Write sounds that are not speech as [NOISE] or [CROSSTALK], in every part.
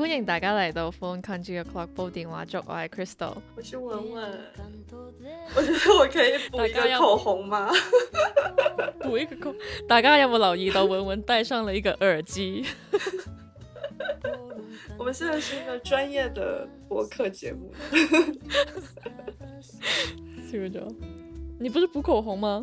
歡迎大家嚟到 Phone Congee o'clock 煲電話粥，我係 Crystal。我係文文，我覺得我可以補一個口紅嗎？ [LAUGHS] 補一個口。大家有冇留意到文文戴上了一個耳機？ [LAUGHS] 我們現在是一個專業的播客節目。 [LAUGHS] 記唔住？你不是補口紅嗎？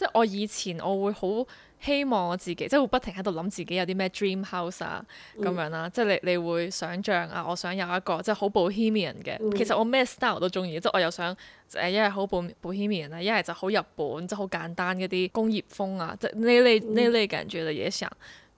即係我以前我會好希望我自己，即會不停喺度諗自己有啲咩 dream house 啊咁、嗯、樣啦、啊。即係你你會想像啊，我想有一個即係好 bohemian 嘅。嗯、其實我咩 style 都中意。即係我又想誒，一係好 bohemian 啊，一係就好日本，即係好簡單嗰啲工業風啊，嗯、即係呢類呢類感覺嘅也想。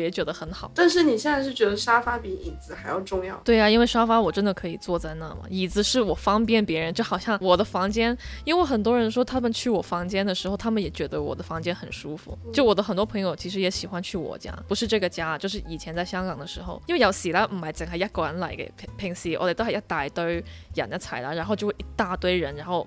也覺得很好，但是你現在是覺得沙發比椅子還要重要？對啊，因為沙發我真的可以坐在那嘛，椅子是我方便別人，就好像我的房間，因為很多人說他們去我房間的時候，他們也覺得我的房間很舒服，嗯、就我的很多朋友其實也喜歡去我家，不是這個家，就是以前在香港的時候，因為有時呢，唔係淨係一個人嚟嘅，平平時我哋都係一大堆人一齊啦，然後就會一大堆人，然後。